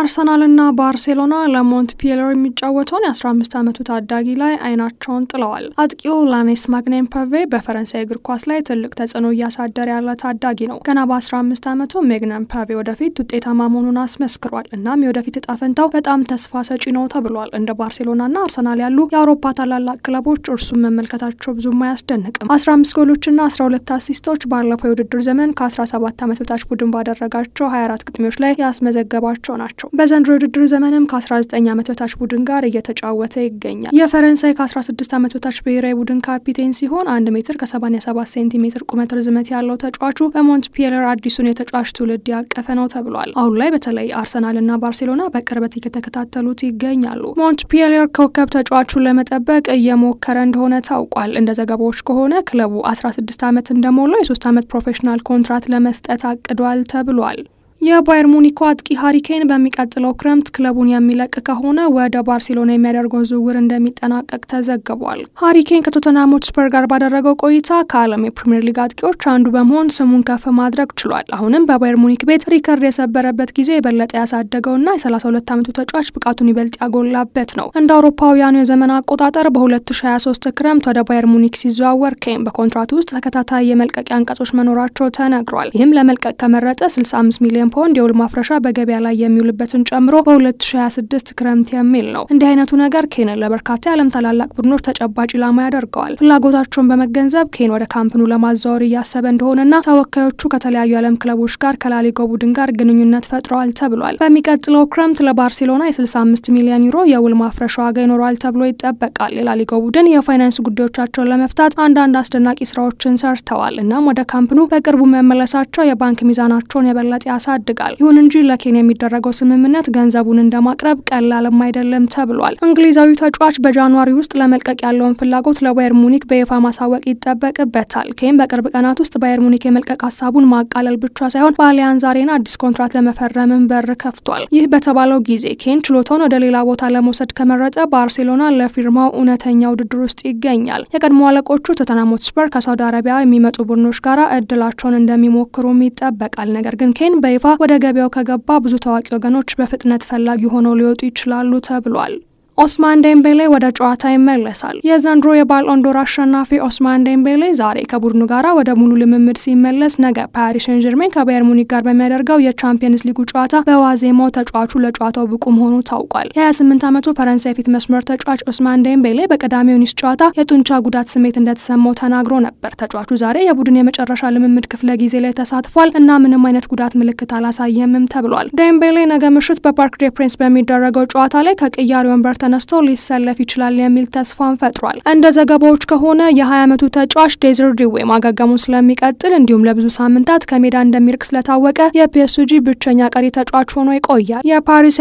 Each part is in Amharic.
አርሰናልና ባርሴሎና ለሞንትፒየለር የሚጫወተውን የ15 ዓመቱ ታዳጊ ላይ አይናቸውን ጥለዋል። አጥቂው ላኔስ ማግኔም ፐቬ በፈረንሳይ እግር ኳስ ላይ ትልቅ ተጽዕኖ እያሳደረ ያለ ታዳጊ ነው። ገና በ15 ዓመቱ ሜግነም ፐቬ ወደፊት ውጤታማ መሆኑን አስመስክሯል። እናም የወደፊት እጣ ፈንታው በጣም ተስፋ ሰጪ ነው ተብሏል። እንደ ባርሴሎናና አርሰናል ያሉ የአውሮፓ ታላላቅ ክለቦች እርሱን መመልከታቸው ብዙም አያስደንቅም። 15 ጎሎችና 12 አሲስቶች ባለፈው የውድድር ዘመን ከ17 ዓመት በታች ቡድን ባደረጋቸው 24 ግጥሚያዎች ላይ ያስመዘገባቸው ናቸው። ናቸው። በዘንድሮ የውድድር ዘመንም ከ19 ዓመት በታች ቡድን ጋር እየተጫወተ ይገኛል። የፈረንሳይ ከ16 ዓመት በታች ብሔራዊ ቡድን ካፒቴን ሲሆን 1 ሜትር ከ 77 ሴንቲሜትር ቁመት ርዝመት ያለው ተጫዋቹ በሞንትፒየለር አዲሱን የተጫዋች ትውልድ ያቀፈ ነው ተብሏል። አሁን ላይ በተለይ አርሰናልና ባርሴሎና በቅርበት እየተከታተሉት ይገኛሉ። ሞንትፒየለር ኮከብ ተጫዋቹን ለመጠበቅ እየሞከረ እንደሆነ ታውቋል። እንደ ዘገባዎች ከሆነ ክለቡ 16 ዓመት እንደሞላው የሶስት ዓመት ፕሮፌሽናል ኮንትራት ለመስጠት አቅዷል ተብሏል። የባየር ሙኒኮ አጥቂ ሀሪኬን በሚቀጥለው ክረምት ክለቡን የሚለቅ ከሆነ ወደ ባርሴሎና የሚያደርገውን ዝውውር እንደሚጠናቀቅ ተዘግቧል። ሀሪኬን ከቶተንሃም ሆትስፐር ጋር ባደረገው ቆይታ ከዓለም የፕሪምየር ሊግ አጥቂዎች አንዱ በመሆን ስሙን ከፍ ማድረግ ችሏል። አሁንም በባየር ሙኒክ ቤት ሪከርድ የሰበረበት ጊዜ የበለጠ ያሳደገው ና የ32 ዓመቱ ተጫዋች ብቃቱን ይበልጥ ያጎላበት ነው። እንደ አውሮፓውያኑ የዘመን አቆጣጠር በ2023 ክረምት ወደ ባየር ሙኒክ ሲዘዋወር ኬን በኮንትራቱ ውስጥ ተከታታይ የመልቀቂያ አንቀጾች መኖራቸው ተነግሯል። ይህም ለመልቀቅ ከመረጠ 65 ሚሊዮን ሚሊዮን ፓውንድ የውል ማፍረሻ በገበያ ላይ የሚውልበትን ጨምሮ በ2026 ክረምት የሚል ነው። እንዲህ አይነቱ ነገር ኬንን ለበርካታ የዓለም ታላላቅ ቡድኖች ተጨባጭ ኢላማ ያደርገዋል። ፍላጎታቸውን በመገንዘብ ኬን ወደ ካምፕኑ ለማዛወር እያሰበ እንደሆነና ተወካዮቹ ከተለያዩ የዓለም ክለቦች ጋር ከላሊጎ ቡድን ጋር ግንኙነት ፈጥረዋል ተብሏል። በሚቀጥለው ክረምት ለባርሴሎና የ65 ሚሊዮን ዩሮ የውል ማፍረሻ ዋጋ ይኖረዋል ተብሎ ይጠበቃል። የላሊጋው ቡድን የፋይናንስ ጉዳዮቻቸውን ለመፍታት አንዳንድ አስደናቂ ስራዎችን ሰርተዋል። እናም ወደ ካምፕኑ በቅርቡ መመለሳቸው የባንክ ሚዛናቸውን የበለጠ ያሳ ያሳድጋል። ይሁን እንጂ ለኬን የሚደረገው ስምምነት ገንዘቡን እንደማቅረብ ቀላልም አይደለም ተብሏል። እንግሊዛዊው ተጫዋች በጃንዋሪ ውስጥ ለመልቀቅ ያለውን ፍላጎት ለባየር ሙኒክ በይፋ ማሳወቅ ይጠበቅበታል። ኬን በቅርብ ቀናት ውስጥ ባየር ሙኒክ የመልቀቅ ሀሳቡን ማቃለል ብቻ ሳይሆን በአሊያንዝ አሬና አዲስ ኮንትራት ለመፈረምም በር ከፍቷል። ይህ በተባለው ጊዜ ኬን ችሎታውን ወደ ሌላ ቦታ ለመውሰድ ከመረጠ ባርሴሎና ለፊርማው እውነተኛ ውድድር ውስጥ ይገኛል። የቀድሞ አለቆቹ ቶተንሃም ሆትስፐር ከሳውዲ አረቢያ የሚመጡ ቡድኖች ጋር እድላቸውን እንደሚሞክሩም ይጠበቃል። ነገር ግን ኬን በይፋ ወደ ገበያው ከገባ ብዙ ታዋቂ ወገኖች በፍጥነት ፈላጊ ሆነው ሊወጡ ይችላሉ ተብሏል። ኦስማን ዴምቤሌ ወደ ጨዋታ ይመለሳል። የዘንድሮ የባሎን አሸናፊ ኦስማን ዴምቤሌ ዛሬ ከቡድኑ ጋር ወደ ሙሉ ልምምድ ሲመለስ ነገ ፓሪስ ሴን ጀርሜን ከባየር ሙኒክ ጋር በሚያደርገው የቻምፒየንስ ሊጉ ጨዋታ በዋዜማው ተጫዋቹ ለጨዋታው ብቁ መሆኑ ታውቋል። የ28 ዓመቱ ፈረንሳይ ፊት መስመር ተጫዋች ኦስማን ዴምቤሌ በቀዳሚው ኒስ ጨዋታ የጡንቻ ጉዳት ስሜት እንደተሰማው ተናግሮ ነበር። ተጫዋቹ ዛሬ የቡድን የመጨረሻ ልምምድ ክፍለ ጊዜ ላይ ተሳትፏል እና ምንም አይነት ጉዳት ምልክት አላሳየምም ተብሏል። ዴምቤሌ ነገ ምሽት በፓርክ ዴ ፕሪንስ በሚደረገው ጨዋታ ላይ ከቅያሪ ወንበር ተነስቶ ሊሰለፍ ይችላል የሚል ተስፋን ፈጥሯል። እንደ ዘገባዎች ከሆነ የ20 ዓመቱ ተጫዋች ዴዘርዲ ወይም ማገገሙን ስለሚቀጥል እንዲሁም ለብዙ ሳምንታት ከሜዳ እንደሚርቅ ስለታወቀ የፒኤስጂ ብቸኛ ቀሪ ተጫዋች ሆኖ ይቆያል። የፓሪስ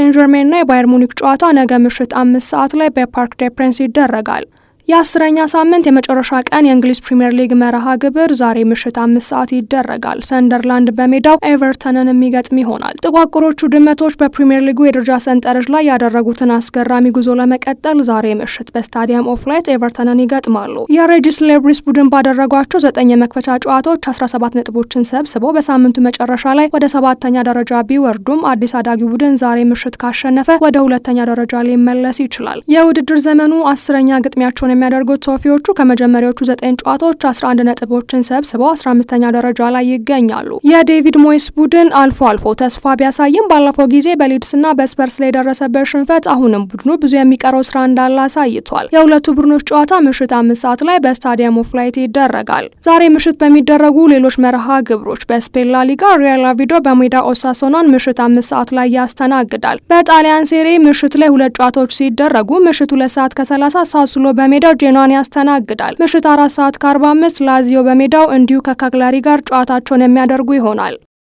ና የባየር ሙኒክ ጨዋታ ነገ ምሽት አምስት ሰዓት ላይ በፓርክ ደ ፕሪንስ ይደረጋል። የአስረኛ ሳምንት የመጨረሻ ቀን የእንግሊዝ ፕሪምየር ሊግ መርሃ ግብር ዛሬ ምሽት አምስት ሰዓት ይደረጋል። ሰንደርላንድ በሜዳው ኤቨርተንን የሚገጥም ይሆናል። ጥቋቁሮቹ ድመቶች በፕሪምየር ሊጉ የደረጃ ሰንጠረዥ ላይ ያደረጉትን አስገራሚ ጉዞ ለመቀጠል ዛሬ ምሽት በስታዲየም ኦፍ ላይት ኤቨርተንን ይገጥማሉ። የሬጂስ ሌብሪስ ቡድን ባደረጓቸው ዘጠኝ የመክፈቻ ጨዋታዎች 17 ነጥቦችን ሰብስበው በሳምንቱ መጨረሻ ላይ ወደ ሰባተኛ ደረጃ ቢወርዱም አዲስ አዳጊ ቡድን ዛሬ ምሽት ካሸነፈ ወደ ሁለተኛ ደረጃ ሊመለስ ይችላል። የውድድር ዘመኑ አስረኛ ግጥሚያቸውን የሚያደርጉት ሶፊዎቹ ከመጀመሪያዎቹ ዘጠኝ ጨዋታዎች 11 ነጥቦችን ሰብስበው 15ኛ ደረጃ ላይ ይገኛሉ። የዴቪድ ሞይስ ቡድን አልፎ አልፎ ተስፋ ቢያሳይም ባለፈው ጊዜ በሊድስና በስፐርስ ላይ የደረሰበት ሽንፈት አሁንም ቡድኑ ብዙ የሚቀረው ስራ እንዳለ አሳይቷል። የሁለቱ ቡድኖች ጨዋታ ምሽት አምስት ሰዓት ላይ በስታዲየም ኦፍ ላይት ይደረጋል። ዛሬ ምሽት በሚደረጉ ሌሎች መርሃ ግብሮች በስፔን ላሊጋ ሊጋ ሪያል አቪዶ በሜዳ ኦሳሶናን ምሽት አምስት ሰዓት ላይ ያስተናግዳል። በጣሊያን ሴሬ ምሽት ላይ ሁለት ጨዋታዎች ሲደረጉ ምሽት ሁለት ሰዓት ከ30 ሳሱሎ በሜዳ ጄኗን ያስተናግዳል። ምሽት አራት ሰዓት ከ45 ላዚዮ በሜዳው እንዲሁ ከካግላሪ ጋር ጨዋታቸውን የሚያደርጉ ይሆናል።